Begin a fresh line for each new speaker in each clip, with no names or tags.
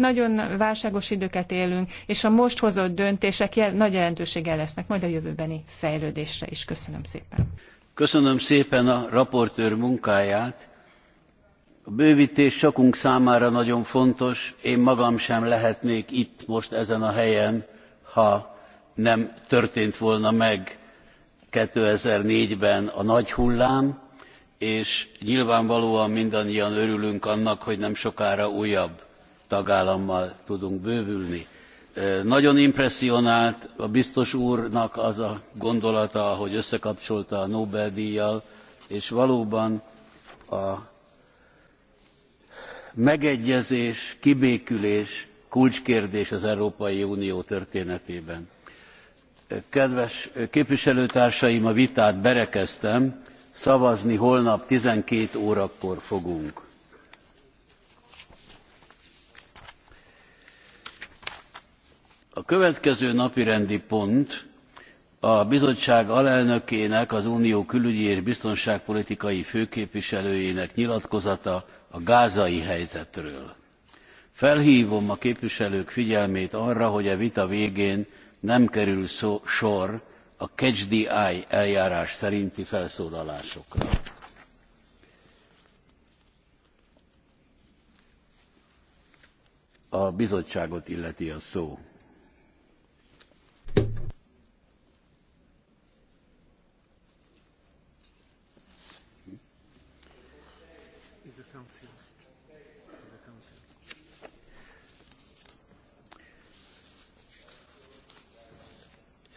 Nagyon válságos időket élünk, és a most hozott döntések jel- nagy jelentőséggel lesznek majd a jövőbeni fejlődésre is. Köszönöm szépen.
Köszönöm szépen a raportőr munkáját. A bővítés sokunk számára nagyon fontos. Én magam sem lehetnék itt most ezen a helyen, ha nem történt volna meg 2004-ben a nagy hullám, és nyilvánvalóan mindannyian örülünk annak, hogy nem sokára újabb tagállammal tudunk bővülni. Nagyon impresszionált a biztos úrnak az a gondolata, hogy összekapcsolta a Nobel-díjjal, és valóban a megegyezés, kibékülés kulcskérdés az Európai Unió történetében. Kedves képviselőtársaim, a vitát berekeztem, szavazni holnap 12 órakor fogunk. A következő napirendi pont a bizottság alelnökének, az Unió külügyi és biztonságpolitikai főképviselőjének nyilatkozata a gázai helyzetről. Felhívom a képviselők figyelmét arra, hogy a vita végén nem kerül szó, sor a catch the eye eljárás szerinti felszólalásokra. A bizottságot illeti a szó.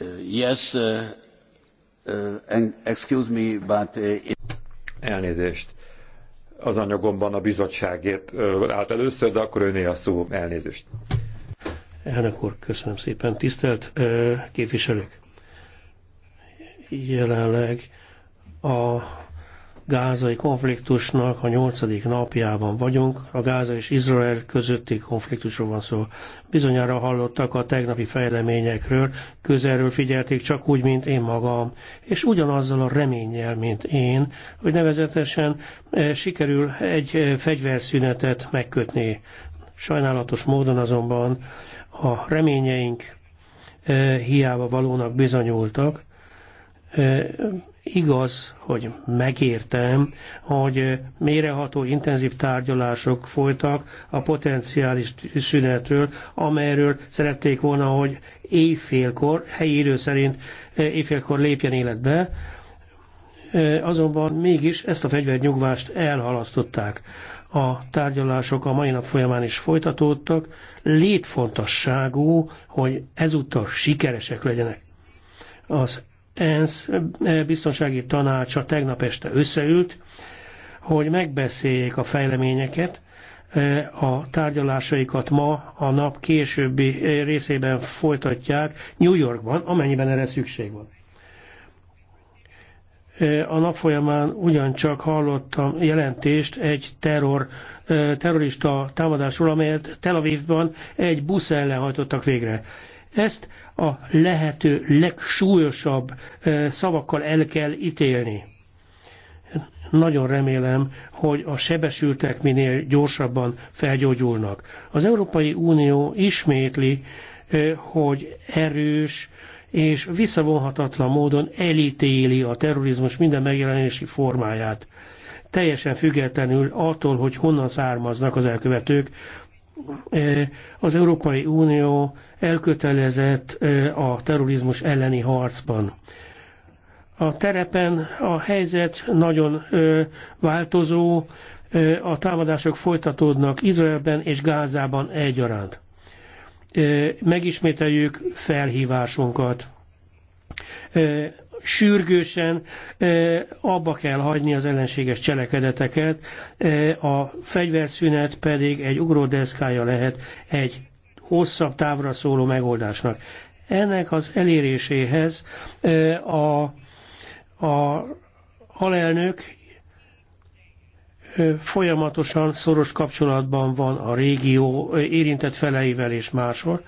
Uh,
yes, uh, uh, excuse me, but... Elnézést. Az anyagomban a bizottságért állt először, de akkor öné a szó. Elnézést.
Elnök úr, köszönöm szépen. Tisztelt képviselők! Jelenleg a gázai konfliktusnak a nyolcadik napjában vagyunk. A Gáza és Izrael közötti konfliktusról van szó. Bizonyára hallottak a tegnapi fejleményekről, közelről figyelték csak úgy, mint én magam, és ugyanazzal a reménnyel, mint én, hogy nevezetesen e, sikerül egy e, fegyverszünetet megkötni. Sajnálatos módon azonban a reményeink e, hiába valónak bizonyultak, Igaz, hogy megértem, hogy eh, méreható intenzív tárgyalások folytak a potenciális szünetről, amelyről szerették volna, hogy éjfélkor, helyi idő szerint eh, éjfélkor lépjen életbe, eh, azonban mégis ezt a fegyvernyugvást elhalasztották. A tárgyalások a mai nap folyamán is folytatódtak, létfontosságú, hogy ezúttal sikeresek legyenek. Az ENSZ biztonsági tanácsa tegnap este összeült, hogy megbeszéljék a fejleményeket, eh, a tárgyalásaikat ma a nap későbbi eh, részében folytatják New Yorkban, amennyiben erre szükség van. Eh, a nap folyamán ugyancsak hallottam jelentést egy terror, terrorista támadásról, amelyet Tel Avivban egy busz ellen hajtottak végre. Ezt a lehető legsúlyosabb szavakkal el kell ítélni. Nagyon remélem, hogy a sebesültek minél gyorsabban felgyógyulnak. Az Európai Unió ismétli, hogy erős, és visszavonhatatlan módon elítéli a terrorizmus minden megjelenési formáját. Teljesen függetlenül attól, hogy honnan származnak az elkövetők, Eh, az Európai Unió elkötelezett eh, a terrorizmus elleni harcban. A terepen a helyzet nagyon eh, változó, a támadások folytatódnak Izraelben és Gázában egyaránt. Megismételjük felhívásunkat sürgősen abba kell hagyni az ellenséges cselekedeteket, a fegyverszünet pedig egy ugródeszkája lehet egy hosszabb távra szóló megoldásnak. Ennek az eléréséhez a, a alelnök folyamatosan szoros kapcsolatban van a régió érintett feleivel és máshol.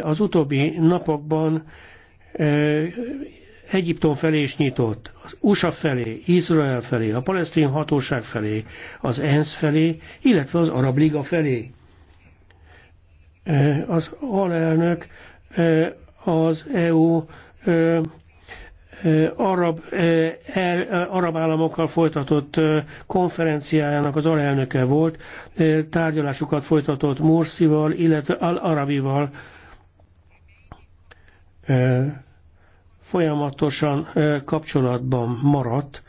Az utóbbi napokban Egyiptom felé is nyitott, az USA felé, Izrael felé, a palesztin hatóság felé, az ENSZ felé, illetve az Arab Liga felé. Az alelnök az EU arab, arab államokkal folytatott konferenciájának az alelnöke volt, tárgyalásokat folytatott Morsival, illetve Al-Arabival, folyamatosan kapcsolatban maradt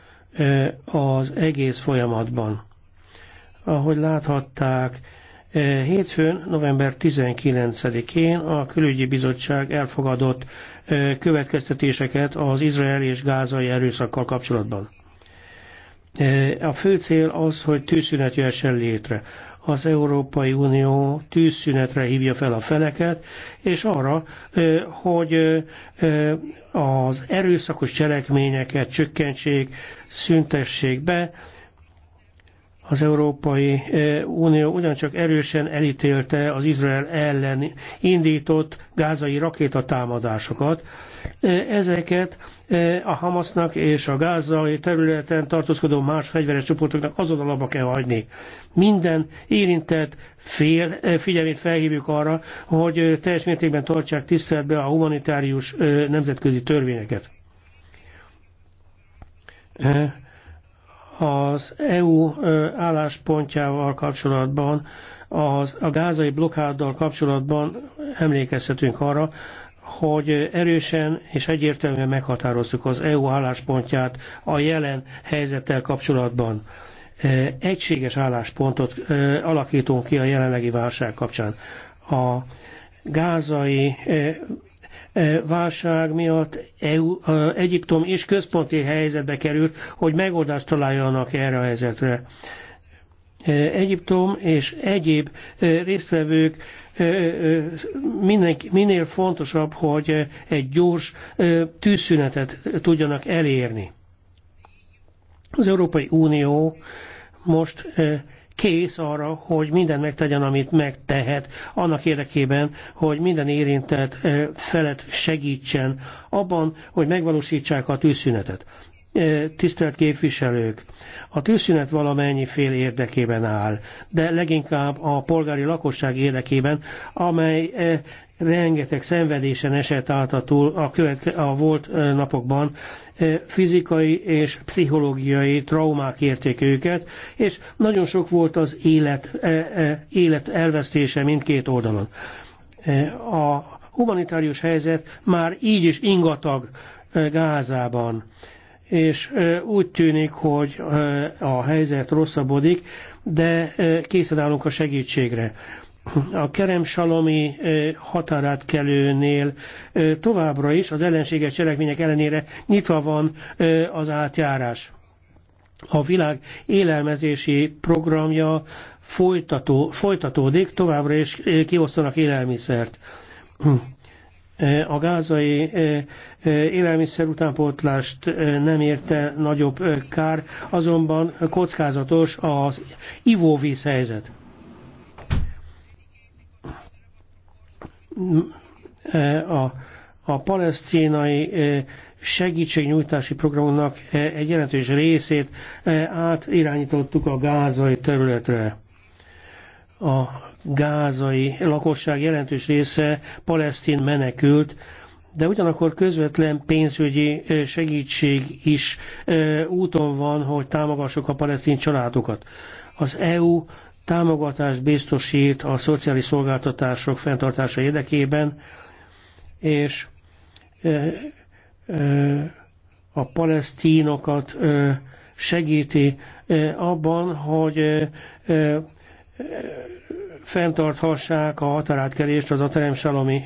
az egész folyamatban. Ahogy láthatták, hétfőn, november 19-én a külügyi bizottság elfogadott következtetéseket az izrael és gázai erőszakkal kapcsolatban. A fő cél az, hogy tűzszünet jöhessen létre az Európai Unió tűzszünetre hívja fel a feleket, és arra, hogy az erőszakos cselekményeket csökkentsék, szüntessék be, az Európai eh, Unió ugyancsak erősen elítélte az Izrael ellen indított gázai rakétatámadásokat. Eh, ezeket eh, a Hamasnak és a gázai területen tartózkodó más fegyveres csoportoknak azon alapba kell hagyni. Minden érintett fél figyelmét felhívjuk arra, hogy teljes mértékben tartsák tiszteletbe a humanitárius nemzetközi törvényeket az EU álláspontjával kapcsolatban, az, a gázai blokkáddal kapcsolatban emlékezhetünk arra, hogy erősen és egyértelműen meghatároztuk az EU álláspontját a jelen helyzettel kapcsolatban. Egységes álláspontot alakítunk ki a jelenlegi válság kapcsán. A gázai E, válság miatt EU, e, Egyiptom is központi helyzetbe került, hogy megoldást találjanak erre a helyzetre. E, Egyiptom és egyéb résztvevők mindenki, minél fontosabb, hogy egy gyors tűzszünetet tudjanak elérni. Az Európai Unió most kész arra, hogy mindent megtegyen, amit megtehet, annak érdekében, hogy minden érintett felet segítsen abban, hogy megvalósítsák a tűzszünetet. Tisztelt képviselők, a tűzszünet valamennyi fél érdekében áll, de leginkább a polgári lakosság érdekében, amely rengeteg szenvedésen esett át a, túl, a, követke, a volt napokban, fizikai és pszichológiai traumák érték őket, és nagyon sok volt az élet, élet elvesztése mindkét oldalon. A humanitárius helyzet már így is ingatag Gázában, és úgy tűnik, hogy a helyzet rosszabbodik, de készen állunk a segítségre a Kerem-Salomi határátkelőnél továbbra is az ellenséges cselekmények ellenére nyitva van az átjárás. A világ élelmezési programja folytató, folytatódik, továbbra is kiosztanak élelmiszert. A gázai élelmiszer utánpótlást nem érte nagyobb kár, azonban kockázatos az ivóvíz helyzet. a, a palesztinai segítségnyújtási programnak egy jelentős részét átirányítottuk a gázai területre. A gázai lakosság jelentős része palesztin menekült, de ugyanakkor közvetlen pénzügyi segítség is úton van, hogy támogassuk a palesztin családokat. Az EU támogatást biztosít a szociális szolgáltatások fenntartása érdekében, és a palesztínokat segíti abban, hogy fenntarthassák a határátkelést az a teremsalomi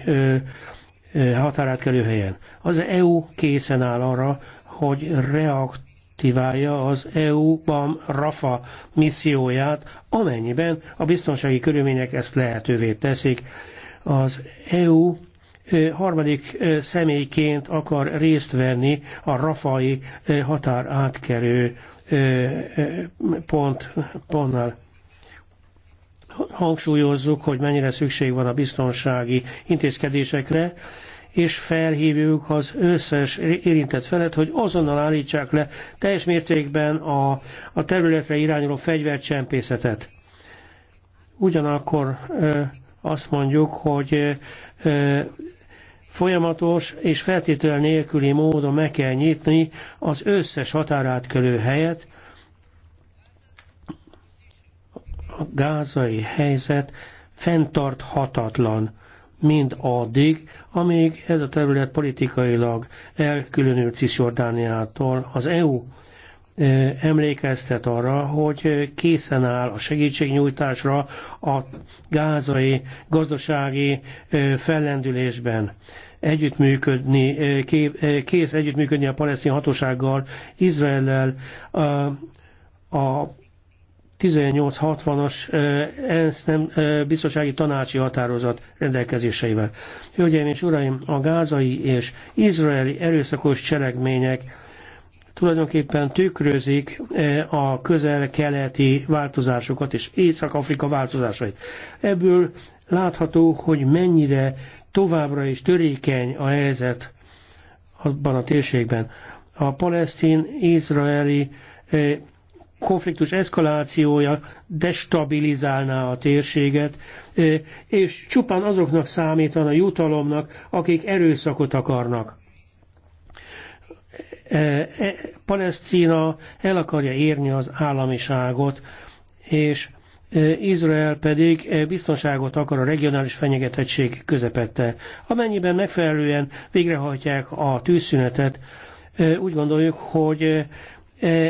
határátkelőhelyen. Az EU készen áll arra, hogy reakt aktiválja az EU-ban RAFA misszióját, amennyiben a biztonsági körülmények ezt lehetővé teszik. Az EU harmadik személyként akar részt venni a rafai határ átkerő pont, pontnál. Hangsúlyozzuk, hogy mennyire szükség van a biztonsági intézkedésekre, és felhívjuk az összes érintett felet, hogy azonnal állítsák le teljes mértékben a, a területre irányuló fegyvercsempészetet. Ugyanakkor azt mondjuk, hogy folyamatos és feltétel nélküli módon meg kell nyitni az összes határátkelő helyet, a gázai helyzet fenntarthatatlan mind addig, amíg ez a terület politikailag elkülönült Cisjordániától. Az EU e, emlékeztet arra, hogy készen áll a segítségnyújtásra a gázai gazdasági e, fellendülésben együttműködni, e, kész együttműködni a palesztin hatósággal, a, a 1860-as ENSZ nem, biztonsági tanácsi határozat rendelkezéseivel. Hölgyeim és uraim, a gázai és izraeli erőszakos cselekmények tulajdonképpen tükrözik a közel-keleti változásokat és Észak-Afrika változásait. Ebből látható, hogy mennyire továbbra is törékeny a helyzet abban a térségben. A palesztin-izraeli konfliktus eszkalációja destabilizálná a térséget, és csupán azoknak számítana jutalomnak, akik erőszakot akarnak. E, Palesztina el akarja érni az államiságot, és Izrael pedig biztonságot akar a regionális fenyegetettség közepette. Amennyiben megfelelően végrehajtják a tűzszünetet, úgy gondoljuk, hogy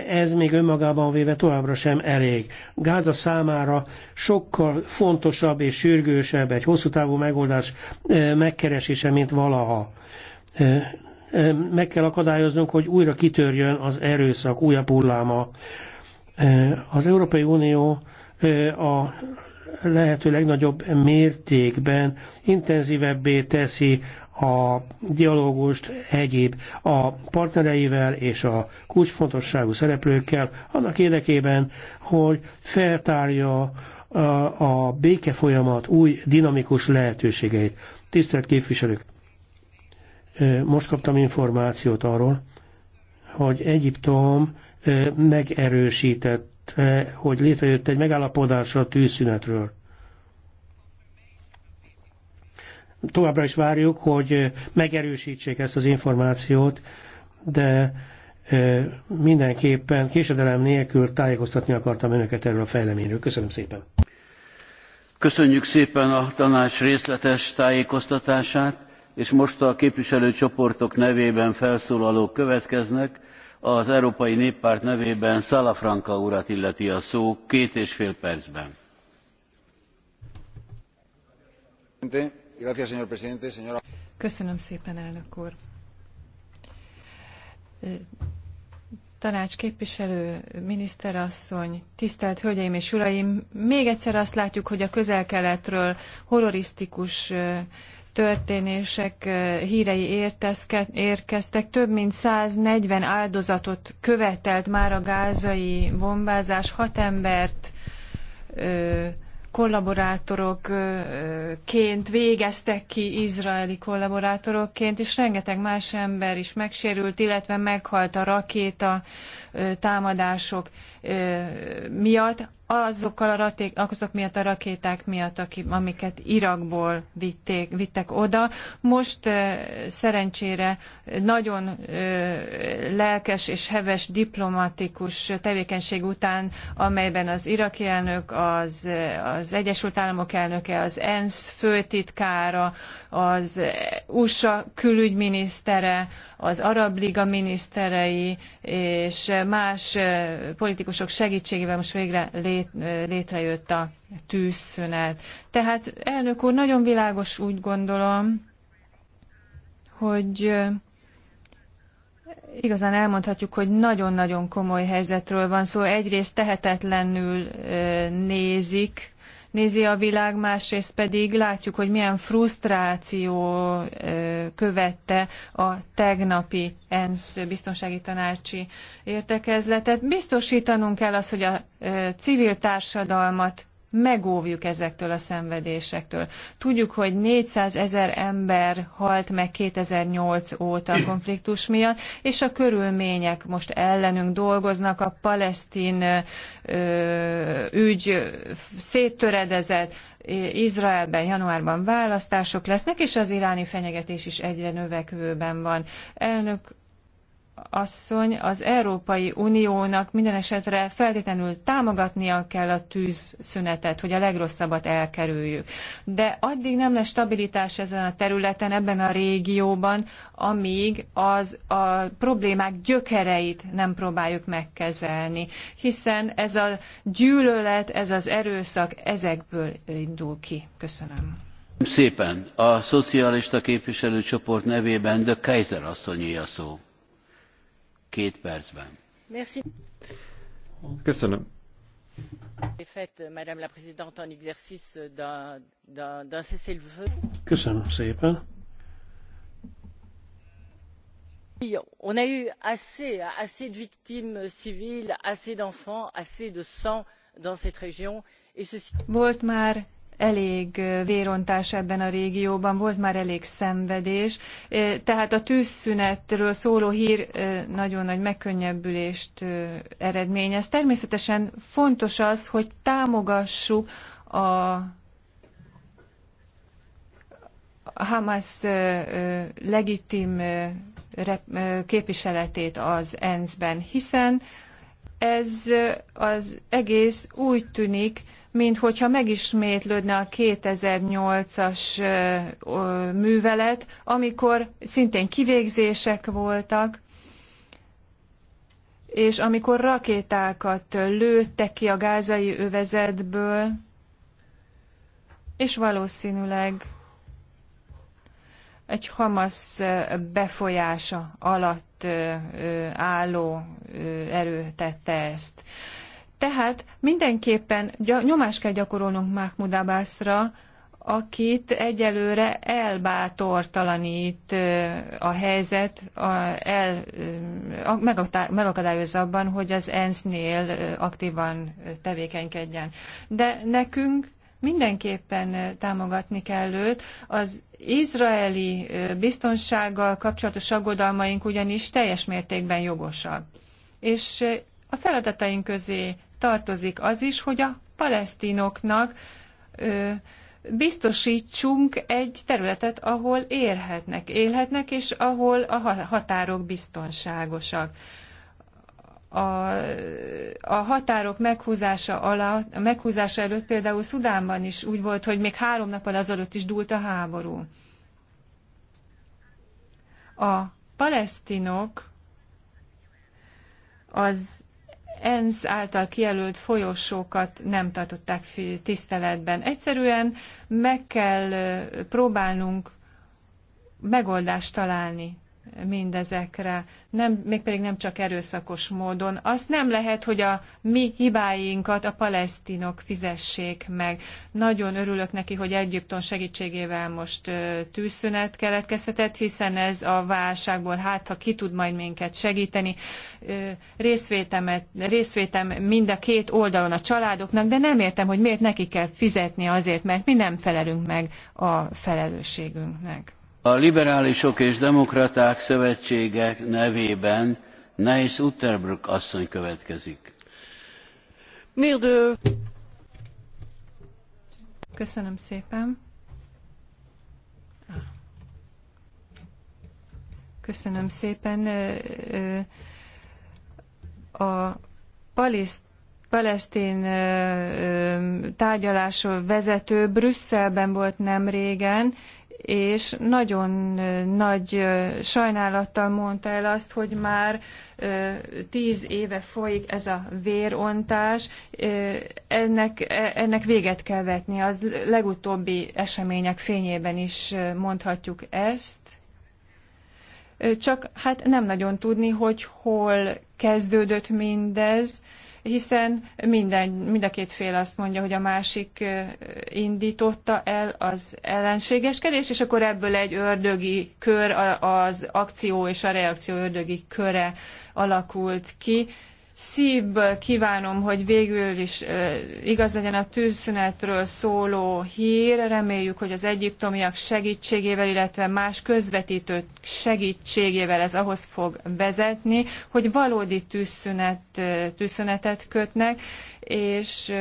ez még önmagában véve továbbra sem elég. Gáza számára sokkal fontosabb és sürgősebb egy hosszú távú megoldás megkeresése, mint valaha. Meg kell akadályoznunk, hogy újra kitörjön az erőszak újabb hulláma. Az Európai Unió a lehető legnagyobb mértékben intenzívebbé teszi a dialógust egyéb a partnereivel és a kulcsfontosságú szereplőkkel annak érdekében, hogy feltárja a, a béke folyamat új dinamikus lehetőségeit. Tisztelt képviselők! Most kaptam információt arról, hogy Egyiptom megerősített, hogy létrejött egy megállapodásra a tűzszünetről. továbbra is várjuk, hogy eh, megerősítsék ezt az információt, de eh, mindenképpen késedelem nélkül tájékoztatni akartam önöket erről a fejleményről. Köszönöm szépen!
Köszönjük szépen a tanács részletes tájékoztatását, és most a képviselőcsoportok nevében felszólalók következnek. Az Európai Néppárt nevében Szalafranka urat illeti a szó két és fél percben.
De
Köszönöm szépen, elnök úr. Tanács képviselő, miniszterasszony, tisztelt hölgyeim és uraim, még egyszer azt látjuk, hogy a közel-keletről horrorisztikus történések hírei érkeztek. Több mint 140 áldozatot követelt már a gázai bombázás, hat embert ö, kollaborátorokként végeztek ki, izraeli kollaborátorokként, és rengeteg más ember is megsérült, illetve meghalt a rakéta támadások miatt azokkal a azok miatt a rakéták miatt, amiket Irakból vitték, vittek oda. Most szerencsére nagyon lelkes és heves diplomatikus tevékenység után, amelyben az iraki elnök, az, az Egyesült Államok elnöke, az ENSZ főtitkára, az USA külügyminisztere, az Arab Liga miniszterei és más politikusok segítségével most végre lép létrejött a tűzszünet. Tehát elnök úr, nagyon világos úgy gondolom, hogy igazán elmondhatjuk, hogy nagyon-nagyon komoly helyzetről van szó. Szóval egyrészt tehetetlenül nézik nézi a világ, másrészt pedig látjuk, hogy milyen frusztráció követte a tegnapi ENSZ biztonsági tanácsi értekezletet. Biztosítanunk kell az, hogy a civil társadalmat megóvjuk ezektől a szenvedésektől. Tudjuk, hogy 400 ezer ember halt meg 2008 óta a konfliktus miatt, és a körülmények most ellenünk dolgoznak, a palesztin ö, ügy széttöredezett, Izraelben januárban választások lesznek, és az iráni fenyegetés is egyre növekvőben van. Elnök asszony, az Európai Uniónak minden esetre feltétlenül támogatnia kell a tűzszünetet, hogy a legrosszabbat elkerüljük. De addig nem lesz stabilitás ezen a területen, ebben a régióban, amíg az a problémák gyökereit nem próbáljuk megkezelni. Hiszen ez a gyűlölet, ez az erőszak ezekből indul ki. Köszönöm.
Szépen. A szocialista képviselőcsoport nevében de Kaiser asszonyé a szó két percben.
Merci.
Köszönöm. Köszönöm szépen.
On a eu assez, assez de victimes civiles, assez d'enfants, assez de sang dans cette région. Et ceci... Volt már elég vérontás ebben a régióban, volt már elég szenvedés, e, tehát a tűzszünetről szóló hír e, nagyon nagy megkönnyebbülést e, eredményez. Természetesen fontos az, hogy támogassuk a Hamas legitim képviseletét az ENSZ-ben, hiszen ez az egész úgy tűnik, mint megismétlődne a 2008-as művelet, amikor szintén kivégzések voltak, és amikor rakétákat lőttek ki a gázai övezetből, és valószínűleg egy Hamas befolyása alatt álló erő tette ezt. Tehát mindenképpen nyomást kell gyakorolnunk Mahmoud Abbasra, akit egyelőre elbátortalanít a helyzet, a, el, megakadályozza abban, hogy az ENSZ-nél aktívan tevékenykedjen. De nekünk mindenképpen támogatni kell őt. Az izraeli biztonsággal kapcsolatos aggodalmaink ugyanis teljes mértékben jogosak. És a feladataink közé tartozik az is, hogy a palesztinoknak ö, biztosítsunk egy területet, ahol érhetnek, élhetnek, és ahol a határok biztonságosak. A, a határok meghúzása, alá, a meghúzása előtt például Szudánban is úgy volt, hogy még három nappal azelőtt is dúlt a háború. A palesztinok az ENSZ által kijelölt folyosókat nem tartották tiszteletben. Egyszerűen meg kell próbálnunk megoldást találni mindezekre, nem, mégpedig nem csak erőszakos módon. Azt nem lehet, hogy a mi hibáinkat a palesztinok fizessék meg. Nagyon örülök neki, hogy Egyiptom segítségével most tűzszünet keletkezhetett, hiszen ez a válságból, hát ha ki tud majd minket segíteni, részvétem mind a két oldalon a családoknak, de nem értem, hogy miért neki kell fizetni azért, mert mi nem felelünk meg a felelősségünknek.
A Liberálisok és Demokraták Szövetsége nevében Neis Utterbrook asszony következik.
Köszönöm szépen. Köszönöm szépen. A paliszt palesztin tárgyalás vezető Brüsszelben volt nem régen, és nagyon nagy sajnálattal mondta el azt, hogy már tíz éve folyik ez a vérontás, ennek, e, ennek véget kell vetni. Az legutóbbi események fényében is mondhatjuk ezt. Csak hát nem nagyon tudni, hogy hol kezdődött mindez, hiszen minden, mind a két fél azt mondja, hogy a másik indította el az ellenségeskedés, és akkor ebből egy ördögi kör, az akció és a reakció ördögi köre alakult ki szívből kívánom, hogy végül is igaz legyen a tűzszünetről szóló hír. Reméljük, hogy az egyiptomiak segítségével, illetve más közvetítők segítségével ez ahhoz fog vezetni, hogy valódi tűzszünet, tűzszünetet kötnek, és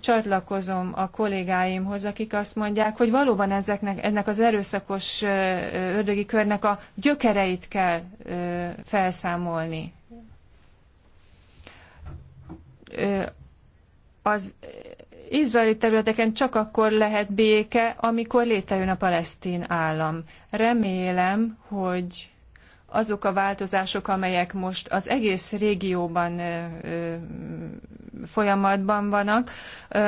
csatlakozom a kollégáimhoz, akik azt mondják, hogy valóban ezeknek, ennek az erőszakos ördögi körnek a gyökereit kell felszámolni az izraeli területeken csak akkor lehet béke, amikor létrejön a palesztin állam. Remélem, hogy azok a változások, amelyek most az egész régióban folyamatban vannak,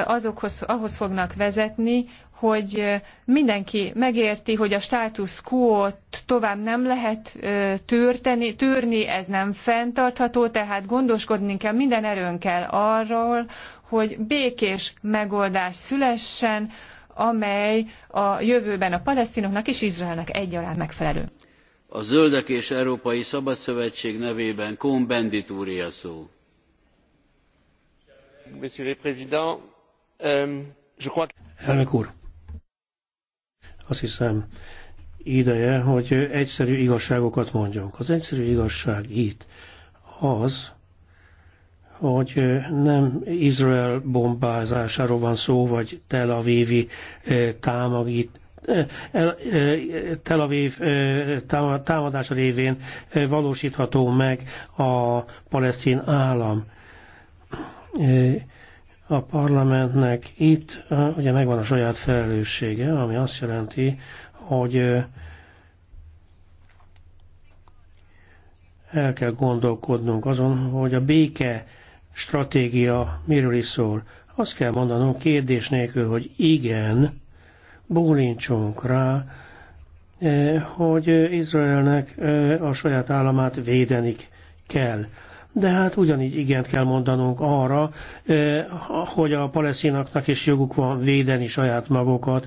azokhoz, ahhoz fognak vezetni, hogy mindenki megérti, hogy a status quo tovább nem lehet törteni, tűrni, ez nem fenntartható, tehát gondoskodni kell minden erőn kell arról, hogy békés megoldás szülessen, amely a jövőben a palesztinoknak és Izraelnek egyaránt megfelelő.
A Zöldek és Európai Szabadszövetség nevében Kohn Bendit úr a szó. Euh,
Elnök úr, azt hiszem ideje, hogy egyszerű igazságokat mondjunk. Az egyszerű igazság itt az, hogy nem Izrael bombázásáról van szó, vagy Tel Avivi eh, támogít, Tel Aviv támadása révén valósítható meg a palesztin állam. A parlamentnek itt ugye megvan a saját felelőssége, ami azt jelenti, hogy el kell gondolkodnunk azon, hogy a béke stratégia miről is szól. Azt kell mondanom kérdés nélkül, hogy igen, bólintsunk rá, eh, hogy Izraelnek eh, a saját államát védeni kell. De hát ugyanígy igent kell mondanunk arra, eh, hogy a palesztinaknak is joguk van védeni saját magukat.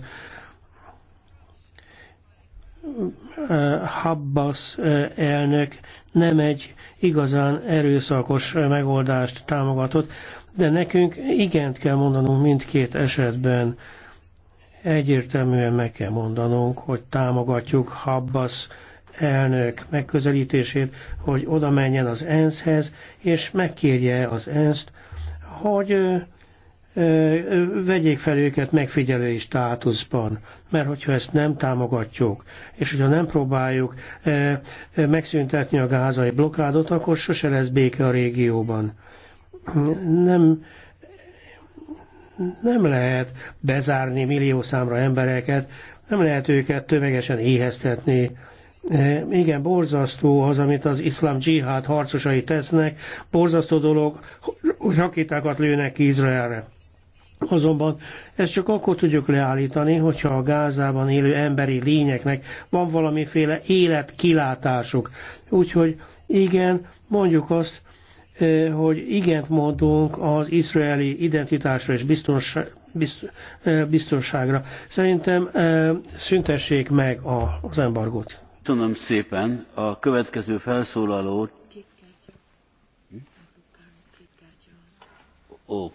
Habbas elnök nem egy igazán erőszakos megoldást támogatott, de nekünk igent kell mondanunk mindkét esetben Egyértelműen meg kell mondanunk, hogy támogatjuk Habbas elnök megközelítését, hogy oda menjen az ENSZ-hez, és megkérje az ENSZ-t, hogy ö, ö, vegyék fel őket megfigyelői státuszban. Mert hogyha ezt nem támogatjuk, és hogyha nem próbáljuk ö, ö, megszüntetni a gázai blokádot, akkor sose lesz béke a régióban. Nem nem lehet bezárni millió számra embereket, nem lehet őket tömegesen éheztetni. E, igen, borzasztó az, amit az iszlám dzsihád harcosai tesznek, borzasztó dolog, hogy rakétákat lőnek ki Izraelre. Azonban ezt csak akkor tudjuk leállítani, hogyha a Gázában élő emberi lényeknek van valamiféle életkilátásuk. Úgyhogy igen, mondjuk azt, hogy igent mondunk az izraeli identitásra és biztonságra. Szerintem szüntessék meg az embargót.
Köszönöm szépen. A következő felszólalót Ó.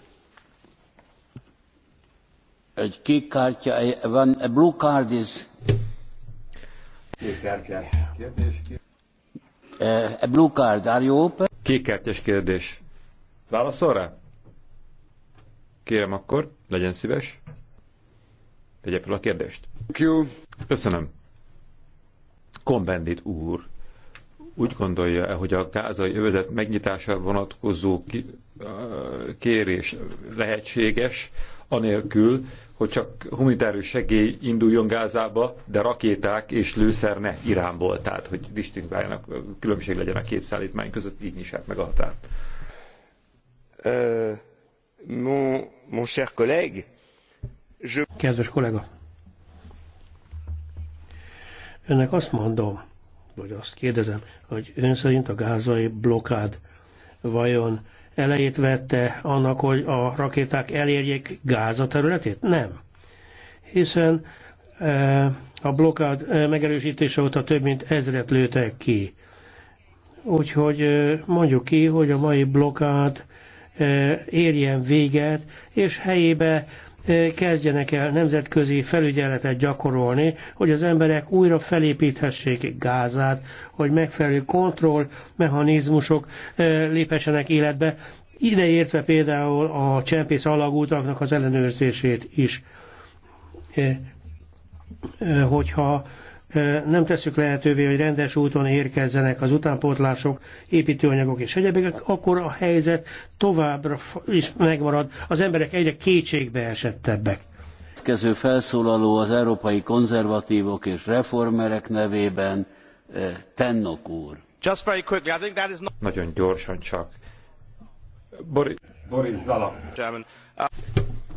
Egy kék kártya, van, a blue card is...
Kék kártya. Kérdés, kérdés. a blue card, are you open? Kékkártyás kérdés. Válaszol rá? Kérem akkor, legyen szíves. Tegye fel a kérdést. Köszönöm. Kombendit úr úgy gondolja -e, hogy a gázai övezet megnyitására vonatkozó kérés lehetséges anélkül, hogy csak humanitárius segély induljon Gázába, de rakéták és lőszer ne Iránból, tehát hogy distingváljanak, különbség legyen a két szállítmány között, így nyissák meg a határt. mon, mon cher collègue, je... Kedves kollega,
önnek azt mondom, vagy azt kérdezem, hogy ön szerint a gázai blokád vajon elejét vette annak, hogy a rakéták elérjék Gáza területét? Nem. Hiszen e, a blokád e, megerősítése óta több mint ezret lőtek ki. Úgyhogy e, mondjuk ki, hogy a mai blokád érjen véget, és helyébe kezdjenek el nemzetközi felügyeletet gyakorolni, hogy az emberek újra felépíthessék Gázát, hogy megfelelő kontrollmechanizmusok lépessenek életbe, ideértve például a csempész alagútaknak az ellenőrzését is hogyha nem tesszük lehetővé, hogy rendes úton érkezzenek az utánpótlások, építőanyagok és egyebek, akkor a helyzet továbbra is megmarad, az emberek egyre kétségbe esettebbek.
Kező felszólaló az európai konzervatívok és reformerek nevében Tennok
úr.
Just very quickly, I think that is Not... Nagyon gyorsan csak. Boris, Boris Zala.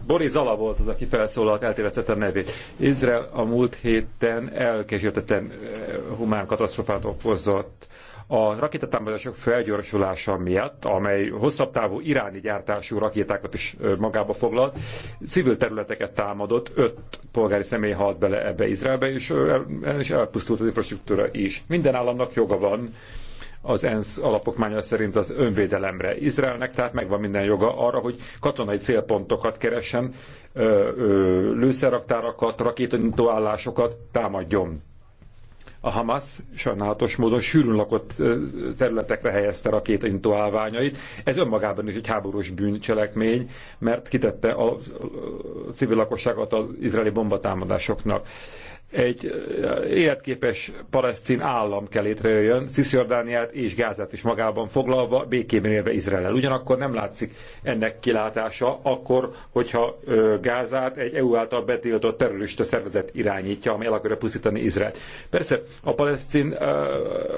Boris Zala volt az, aki felszólalt, eltévesztette a nevét. Izrael a múlt héten elkezdhetetlen eh, humán katasztrofát okozott a rakétatámadások felgyorsulása miatt, amely hosszabb távú iráni gyártású rakétákat is eh, magába foglalt, civil területeket támadott, öt polgári személy halt bele ebbe Izraelbe, és, eh, el, is elpusztult az infrastruktúra is. Minden államnak joga van az ENSZ alapokmánya szerint az önvédelemre. Izraelnek tehát megvan minden joga arra, hogy katonai célpontokat keressen, lőszerraktárakat, rakétanyitóállásokat támadjon. A Hamas sajnálatos módon sűrűn lakott területekre helyezte rakétaintó állványait. Ez önmagában is egy háborús bűncselekmény, mert kitette a civil lakosságot az izraeli bombatámadásoknak egy eh, életképes palesztin állam kell létrejöjjön, Cisjordániát és Gázát is magában foglalva, békében élve Izrael. Ugyanakkor nem látszik ennek kilátása akkor, hogyha eh, Gázát egy EU által betiltott terrorista szervezet irányítja, ami el akarja pusztítani Izraelt. Persze a palesztin eh,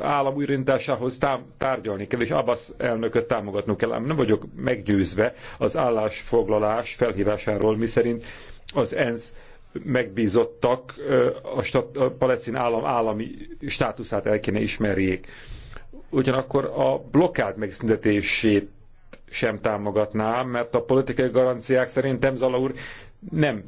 állam újrintásához tárgyalni kell, és Abbas elnököt támogatnunk kell, ám nem vagyok meggyőzve az állásfoglalás felhívásáról, miszerint az ENSZ megbízottak a, stat, a palesztin állam állami státuszát el kéne ismerjék. Ugyanakkor a blokkád megszüntetését sem támogatnám, mert a politikai garanciák szerint, Zala úr nem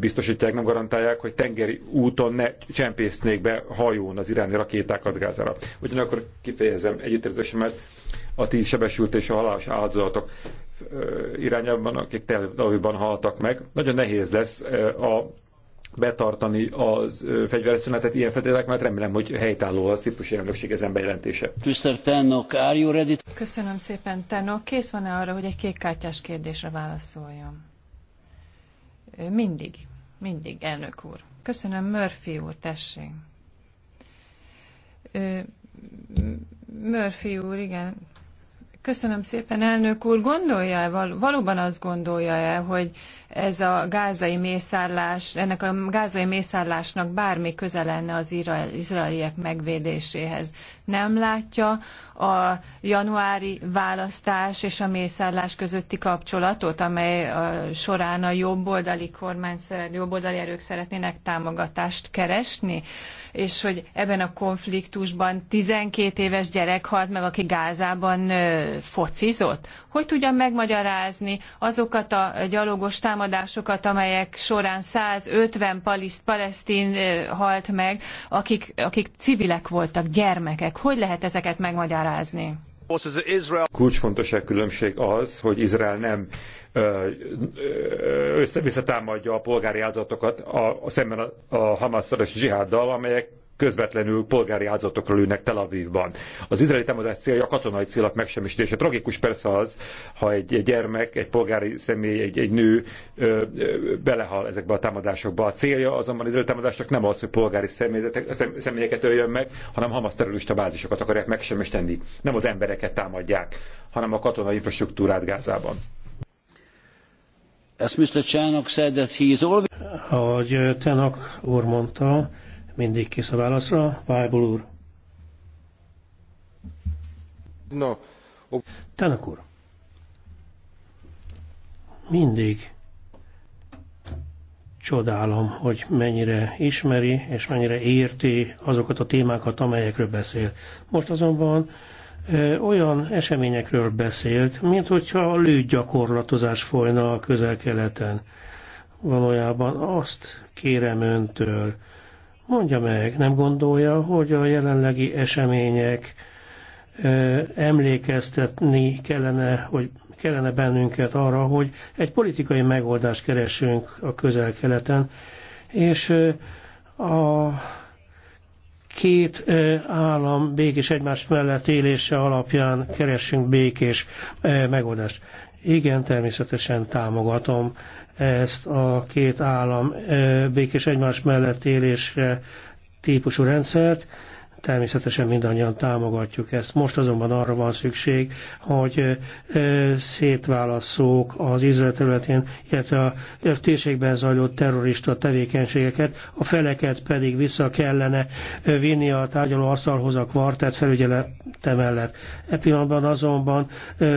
biztosítják, nem garantálják, hogy tengeri úton ne csempésznék be hajón az iráni rakétákat Gázára. Ugyanakkor kifejezem együttérzésemet a tíz sebesült és a halálos áldozatok irányában, akik Tel haltak meg. Nagyon nehéz lesz a betartani az fegyverszünetet ilyen feltételek, mert remélem, hogy helytálló a ciprusi elnökség ezen bejelentése.
Köszönöm szépen, Tenok. Kész van-e arra, hogy egy kékkártyás kérdésre válaszoljon? Mindig, mindig, elnök úr. Köszönöm, Murphy úr, tessék. Murphy úr, igen, Köszönöm szépen, elnök úr. Gondolja -e, val valóban azt gondolja-e, hogy ez a gázai mészárlás, ennek a gázai mészárlásnak bármi köze lenne az izraeliek megvédéséhez? Nem látja, a januári választás és a mészárlás közötti kapcsolatot, amely során a jobboldali kormány, jobboldali erők szeretnének támogatást keresni, és hogy ebben a konfliktusban 12 éves gyerek halt meg, aki Gázában focizott. Hogy tudja megmagyarázni azokat a gyalogos támadásokat, amelyek során 150 paliszt, palesztin halt meg, akik, akik civilek voltak, gyermekek. Hogy lehet ezeket megmagyarázni? elmagyarázni.
Kulcsfontosság különbség az, hogy Izrael nem össze-visszatámadja a polgári áldozatokat a, a, szemben a, a hamas és zsihaddal, amelyek közvetlenül polgári áldozatokról ülnek Tel Avivban. Az izraeli támadás célja a katonai célok megsemmisítése. Tragikus persze az, ha egy gyermek, egy polgári személy, egy, egy nő ö, ö, belehal ezekbe a támadásokba. A célja azonban az izraeli támadásnak nem az, hogy polgári személyeket öljön meg, hanem Hamas terrorista bázisokat akarják megsemmisíteni. Nem az embereket támadják, hanem a katonai infrastruktúrát Gázában.
As Mr. Chanok said that he is always... Ahogy Tenok
úr mondta, mindig kész a válaszra. Vájból úr. No. Tának úr. Mindig csodálom, hogy mennyire ismeri és mennyire érti azokat a témákat, amelyekről beszél. Most azonban ö, olyan eseményekről beszélt, mint hogyha a lőgyakorlatozás folyna a közel-keleten. Valójában azt kérem öntől, Mondja meg, nem gondolja, hogy a jelenlegi események emlékeztetni kellene, hogy kellene bennünket arra, hogy egy politikai megoldást keresünk a közel-keleten, és a két állam békés egymás mellett élése alapján keresünk békés megoldást. Igen, természetesen támogatom ezt a két állam békés egymás mellett élésre típusú rendszert. Természetesen mindannyian támogatjuk ezt. Most azonban arra van szükség, hogy szétválasszuk az Izrael területén, illetve a térségben zajló terrorista tevékenységeket, a feleket pedig vissza kellene vinni a tárgyaló asztalhoz a kvartett felügyelete mellett. E pillanatban azonban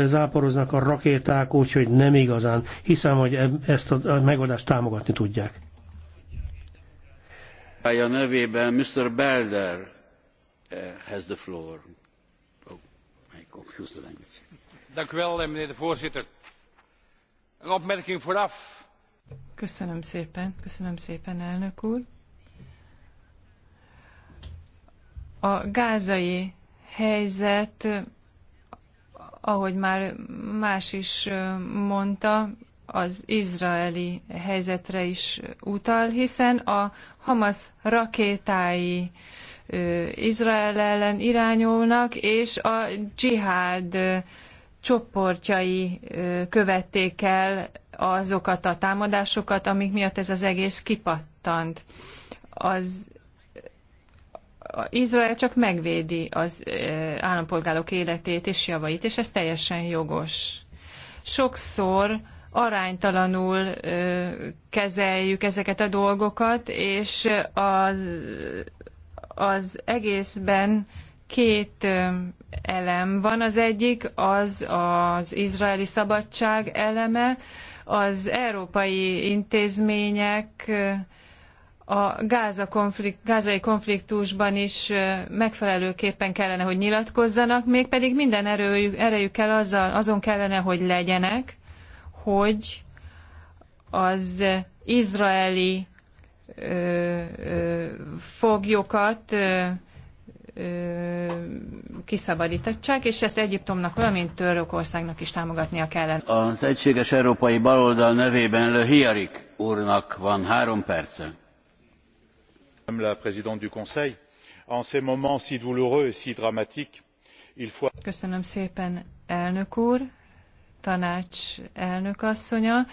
záporoznak a rakéták, úgyhogy nem igazán, hiszem, hogy e, ezt a megoldást támogatni tudják.
A nevében Mr. Belder Eh, has the floor.
Oh, Dank u wel, eh, meneer de voorzitter. Een opmerking vooraf.
Köszönöm szépen, köszönöm szépen, elnök úr. A gázai helyzet, ahogy már más is eh, mondta, az izraeli helyzetre is utal, hiszen a Hamas rakétái Izrael ellen irányulnak, és a dzsihád csoportjai követték el azokat a támadásokat, amik miatt ez az egész kipattant. Az Izrael csak megvédi az állampolgárok életét és javait, és ez teljesen jogos. Sokszor aránytalanul kezeljük ezeket a dolgokat, és az az egészben két elem van. Az egyik az az izraeli szabadság eleme, az európai intézmények a Gáza konflikt, gázai konfliktusban is megfelelőképpen kellene, hogy nyilatkozzanak, mégpedig minden erőjük, erejükkel azzal, azon kellene, hogy legyenek, hogy az izraeli foglyokat kiszabadították, és ezt Egyiptomnak, valamint Törökországnak is támogatnia kellene.
Az Egységes Európai Baloldal nevében Le Hiarik úrnak van három perce. Madame la Présidente du Conseil, en ces moments si douloureux et si dramatiques,
il faut... Köszönöm szépen, elnök úr, tanács elnök asszonya.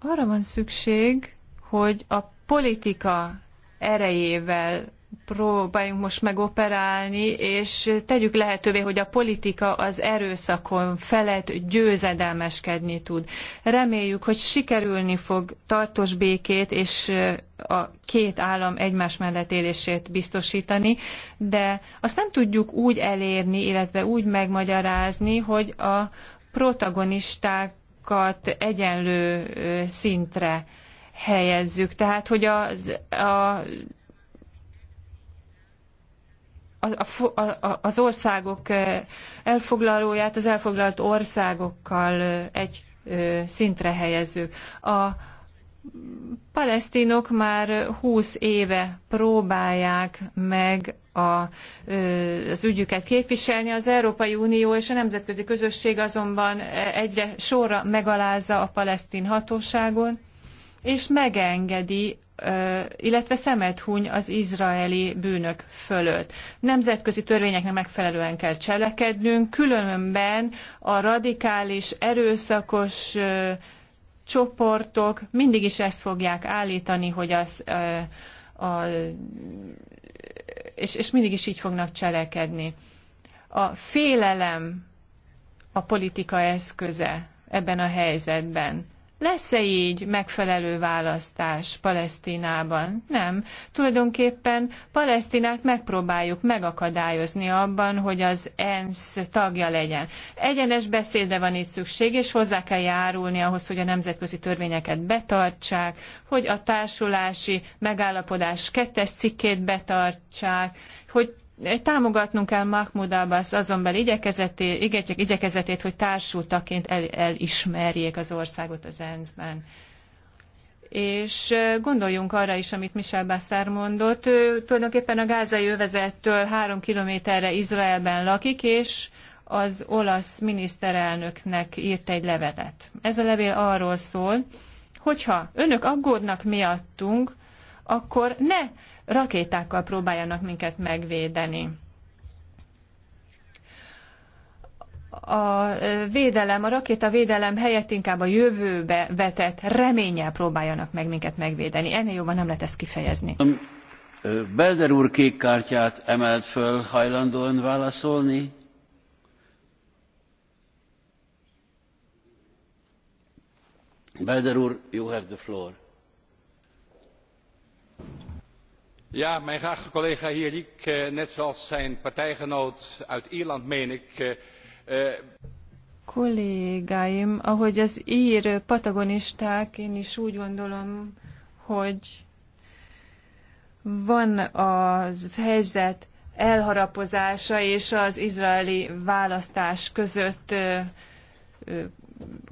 Arra van szükség, hogy a politika erejével próbáljunk most megoperálni, és tegyük lehetővé, hogy a politika az erőszakon felett győzedelmeskedni tud. Reméljük, hogy sikerülni fog tartós békét és a két állam egymás mellett élését biztosítani, de azt nem tudjuk úgy elérni, illetve úgy megmagyarázni, hogy a protagonistákat egyenlő szintre helyezzük. Tehát, hogy az, a, az országok elfoglalóját az elfoglalt országokkal egy szintre helyezzük. A palesztinok már 20 éve próbálják meg a, az ügyüket képviselni. Az Európai Unió és a nemzetközi közösség azonban egyre sorra megalázza a palesztin hatóságon és megengedi illetve szemet huny az izraeli bűnök fölött. Nemzetközi törvényeknek megfelelően kell cselekednünk, különben a radikális, erőszakos csoportok mindig is ezt fogják állítani, hogy az a, és, és mindig is így fognak cselekedni. A félelem a politika eszköze ebben a helyzetben lesz-e így megfelelő választás Palesztinában? Nem. Tulajdonképpen Palesztinát megpróbáljuk megakadályozni abban, hogy az ENSZ tagja legyen. Egyenes beszédre van itt szükség, és hozzá kell járulni ahhoz, hogy a nemzetközi törvényeket betartsák, hogy a társulási megállapodás kettes cikkét betartsák, hogy támogatnunk kell Mahmoud Abbas azonbeli igyekezetét, igyekezetét, hogy társultaként el, elismerjék az országot az ENSZ-ben. És gondoljunk arra is, amit Michel Bassar mondott, ő tulajdonképpen a gázai övezettől három kilométerre Izraelben lakik, és az olasz miniszterelnöknek írt egy levelet. Ez a levél arról szól, hogyha önök aggódnak miattunk, akkor ne rakétákkal próbáljanak minket megvédeni. a védelem, a rakéta védelem helyett inkább a jövőbe vetett reménnyel próbáljanak meg minket megvédeni. Ennél jobban nem lehet ezt kifejezni.
Belder úr kék kártyát emelt föl, hajlandóan válaszolni? Belder úr, you have the floor.
mijn geachte collega Hierik, eh, net zoals zijn partijgenoot uit Ierland, meen ik. Eh, eh,
Kollégáim, ahogy az ír patagonisták, én is úgy gondolom, hogy van a helyzet elharapozása és az izraeli választás között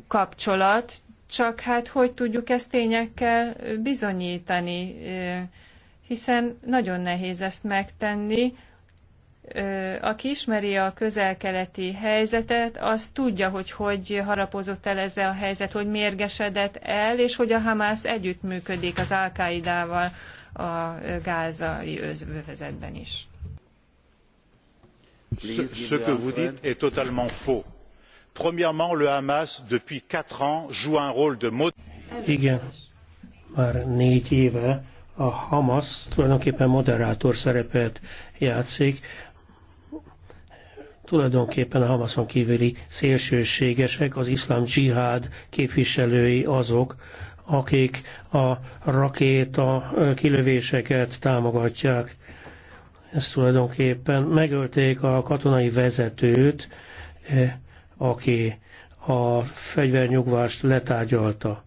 kapcsolat, csak hát hogy tudjuk ezt tényekkel bizonyítani? hiszen nagyon nehéz ezt megtenni. Aki ismeri a közelkeleti helyzetet, az tudja, hogy hogy harapozott el ez a helyzet, hogy mérgesedett el, és hogy a Hamász együttműködik az al a gázai özvezetben is. Ce, que vous dites est totalement faux. Premièrement, le Hamas, depuis quatre ans, joue un rôle de...
Igen, már négy éve a Hamas tulajdonképpen moderátor szerepet játszik, tulajdonképpen a Hamaszon kívüli szélsőségesek, az iszlám dzsihád képviselői azok, akik a rakéta kilövéseket támogatják. Ez tulajdonképpen megölték a katonai vezetőt, eh, aki a fegyvernyugvást letárgyalta.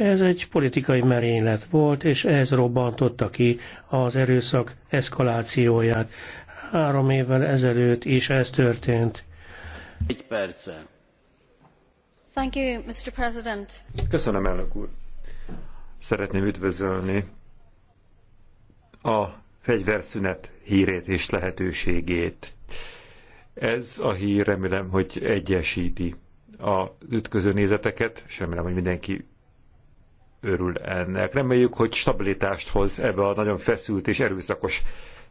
Ez egy politikai merénylet volt, és ez robbantotta ki az erőszak eszkalációját. Három évvel
ezelőtt is ez
történt.
Egy perce.
Thank
you, Mr. President.
Köszönöm, elnök úr. Szeretném üdvözölni a fegyverszünet hírét és lehetőségét. Ez a hír remélem, hogy egyesíti a ütköző nézeteket, és remélem, hogy mindenki örül ennek. Reméljük, hogy stabilitást hoz ebbe a nagyon feszült és erőszakos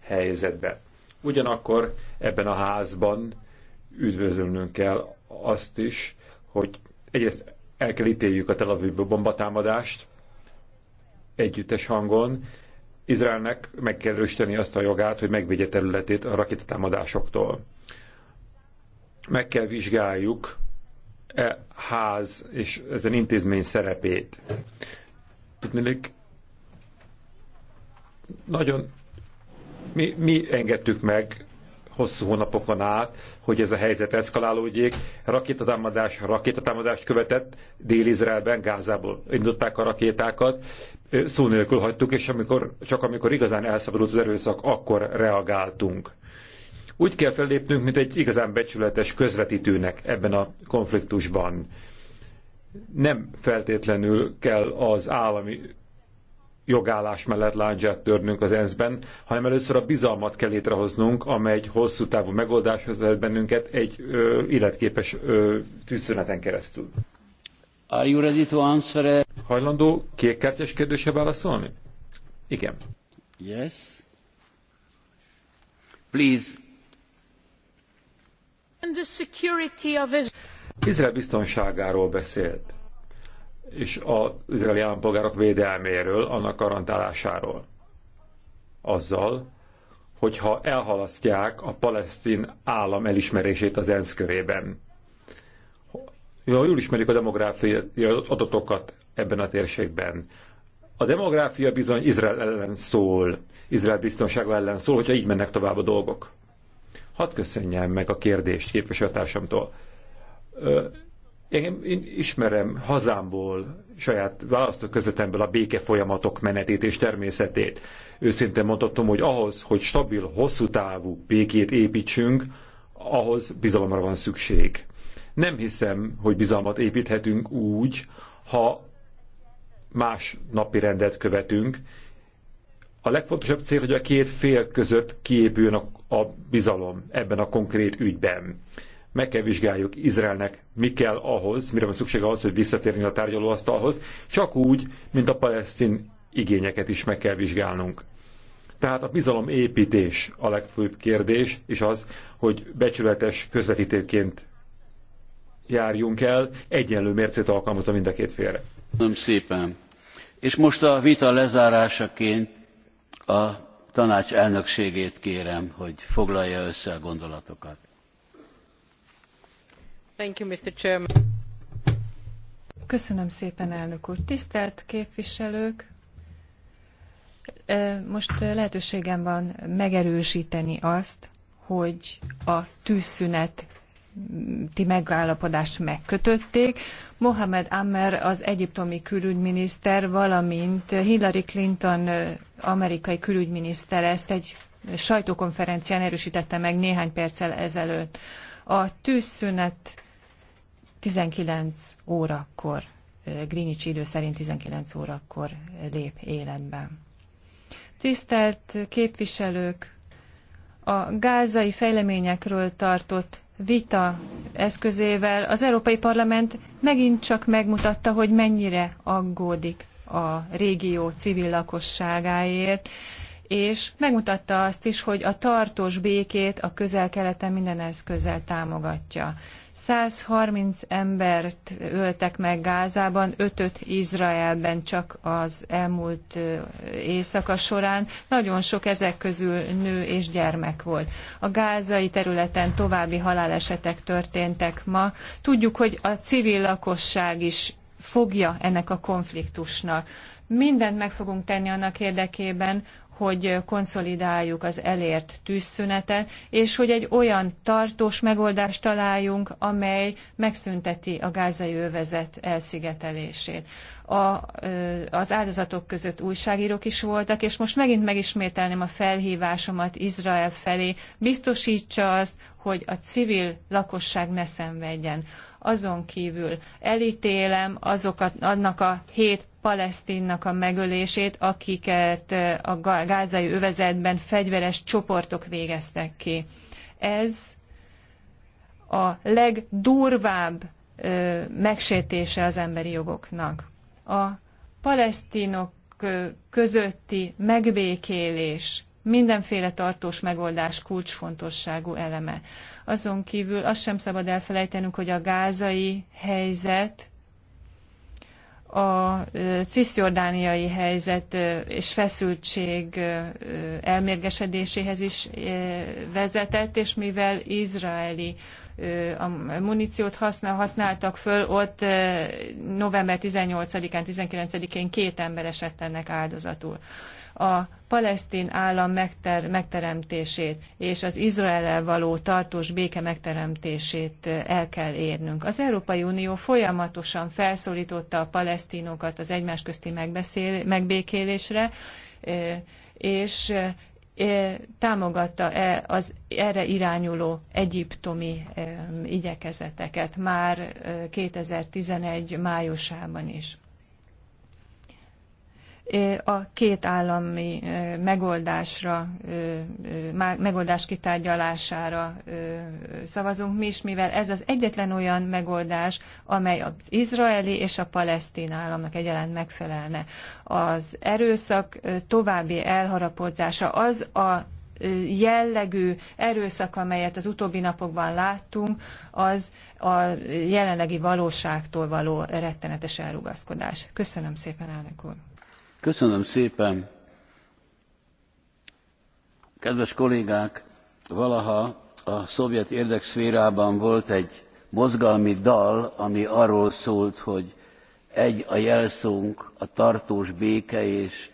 helyzetbe. Ugyanakkor ebben a házban üdvözölnünk kell azt is, hogy egyrészt el kell ítéljük a Tel Aviv bombatámadást együttes hangon, Izraelnek meg kell erősíteni azt a jogát, hogy megvédje területét a rakétatámadásoktól. Meg kell vizsgáljuk e ház és ezen intézmény szerepét. Tudnélik, nagyon mi, mi engedtük meg hosszú hónapokon át, hogy ez a helyzet eszkalálódjék. Rakétatámadás rakétatámadást követett Dél-Izraelben, Gázából indották a rakétákat, szó nélkül hagytuk, és amikor, csak amikor igazán elszabadult az erőszak, akkor reagáltunk. Úgy kell fellépnünk, mint egy igazán becsületes közvetítőnek ebben a konfliktusban. Nem feltétlenül kell az állami jogállás mellett láncsát törnünk az ENSZ-ben, hanem először a bizalmat kell létrehoznunk, amely egy hosszú távú megoldáshoz vezet bennünket egy ö, életképes ö, tűzszüneten keresztül. Are you ready to answer a... Hajlandó kékkártyás kérdése válaszolni? Igen. Yes. Please. Izrael biztonságáról beszélt, és az izraeli állampolgárok védelméről, annak garantálásáról. Azzal, hogyha elhalasztják a palesztin állam elismerését az ENSZ körében. jól ismerjük a demográfiai adatokat ebben a térségben. A demográfia bizony Izrael ellen szól, Izrael biztonsága ellen szól, hogyha így mennek tovább a dolgok. Hadd köszönjem meg a kérdést képviselőtársamtól. Én, én ismerem hazámból, saját közöttemből a béke folyamatok menetét és természetét. Őszintén mondhatom, hogy ahhoz, hogy stabil, hosszú távú békét építsünk, ahhoz bizalomra van szükség. Nem hiszem, hogy bizalmat építhetünk úgy, ha más napi rendet követünk, a legfontosabb cél, hogy a két fél között kiépüljön a, a bizalom ebben a konkrét ügyben. Meg kell vizsgáljuk Izraelnek, mi kell ahhoz, mire van szüksége ahhoz, hogy visszatérjen a tárgyalóasztalhoz, csak úgy, mint a palesztin igényeket is meg kell vizsgálnunk. Tehát a bizalom építés a legfőbb kérdés, és az, hogy becsületes közvetítőként járjunk el, egyenlő mércét alkalmazza mind a két félre. Nem szépen. És most a vita lezárásaként
a tanács elnökségét kérem, hogy foglalja össze a gondolatokat. Thank you, Mr. Chairman.
Köszönöm szépen, elnök úr. Tisztelt képviselők, e, most lehetőségem van megerősíteni azt, hogy a tűzszünet ti megállapodást megkötötték. Mohamed Ammer, az egyiptomi külügyminiszter, valamint Hillary Clinton amerikai külügyminiszter ezt egy sajtókonferencián erősítette meg néhány perccel ezelőtt. A tűzszünet 19 órakor, Greenwich idő szerint 19 órakor lép életbe. Tisztelt képviselők, a gázai fejleményekről tartott vita eszközével az Európai Parlament megint csak megmutatta, hogy mennyire aggódik a régió civil lakosságáért, és megmutatta azt is, hogy a tartós békét a közel-keleten minden eszközzel támogatja. 130 embert öltek meg Gázában, 5 Izraelben csak az elmúlt éjszaka során. Nagyon sok ezek közül nő és gyermek volt. A gázai területen további halálesetek történtek ma. Tudjuk, hogy a civil lakosság is fogja ennek a konfliktusnak. Mindent meg fogunk tenni annak érdekében, hogy konszolidáljuk az elért tűzszünetet, és hogy egy olyan tartós megoldást találjunk, amely megszünteti a gázai övezet elszigetelését. A, az áldozatok között újságírók is voltak, és most megint megismételném a felhívásomat Izrael felé, biztosítsa azt, hogy a civil lakosság ne szenvedjen azon kívül elítélem azokat, annak a hét palesztinnak a megölését, akiket eh, a gázai övezetben fegyveres csoportok végeztek ki. Ez a legdurvább ö, eh, megsértése az emberi jogoknak. A palesztinok eh, közötti megbékélés mindenféle tartós megoldás kulcsfontosságú eleme. Azon kívül azt sem szabad elfelejtenünk, hogy a gázai helyzet a cisziordániai helyzet és feszültség elmérgesedéséhez is vezetett, és mivel izraeli a muníciót használ, használtak föl, ott november 18-án, 19-én két ember esett ennek áldozatul. A palesztin állam megter, megteremtését és az izrael való tartós béke megteremtését el kell érnünk. Az Európai Unió folyamatosan felszólította a palesztinokat az egymás közti megbeszél, megbékélésre, és támogatta-e az erre irányuló egyiptomi igyekezeteket már 2011 májusában is a két állami megoldásra, megoldás kitárgyalására szavazunk mi is, mivel ez az egyetlen olyan megoldás, amely az izraeli és a palesztin államnak egyaránt megfelelne. Az erőszak további elharapodzása az a jellegű erőszak, amelyet az utóbbi napokban láttunk, az a jelenlegi valóságtól való rettenetes elrugaszkodás. Köszönöm szépen, elnök úr!
Köszönöm szépen. Kedves kollégák, valaha a szovjet érdekszférában volt egy mozgalmi dal, ami arról szólt, hogy egy a jelszónk, a tartós béke és